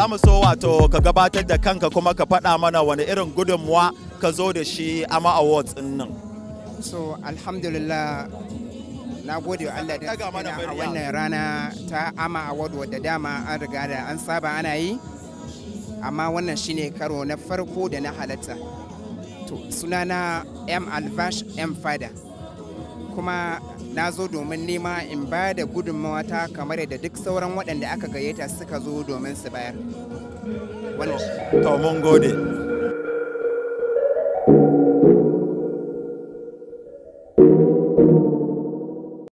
za mu so wato ka gabatar da kanka kuma ka faɗa mana wani irin gudunmuwa ka zo da shi ama awards din nan so alhamdulillah na gode wa Allah da a wannan rana ta ama award wadda dama an riga da an saba ana yi amma wannan shine karo na farko da na halatta to sunana m alvash m fada kuma na zo domin nema in ba da gudunmawa kamar da duk sauran waɗanda aka gayyata suka zo domin su bayar. mun gode.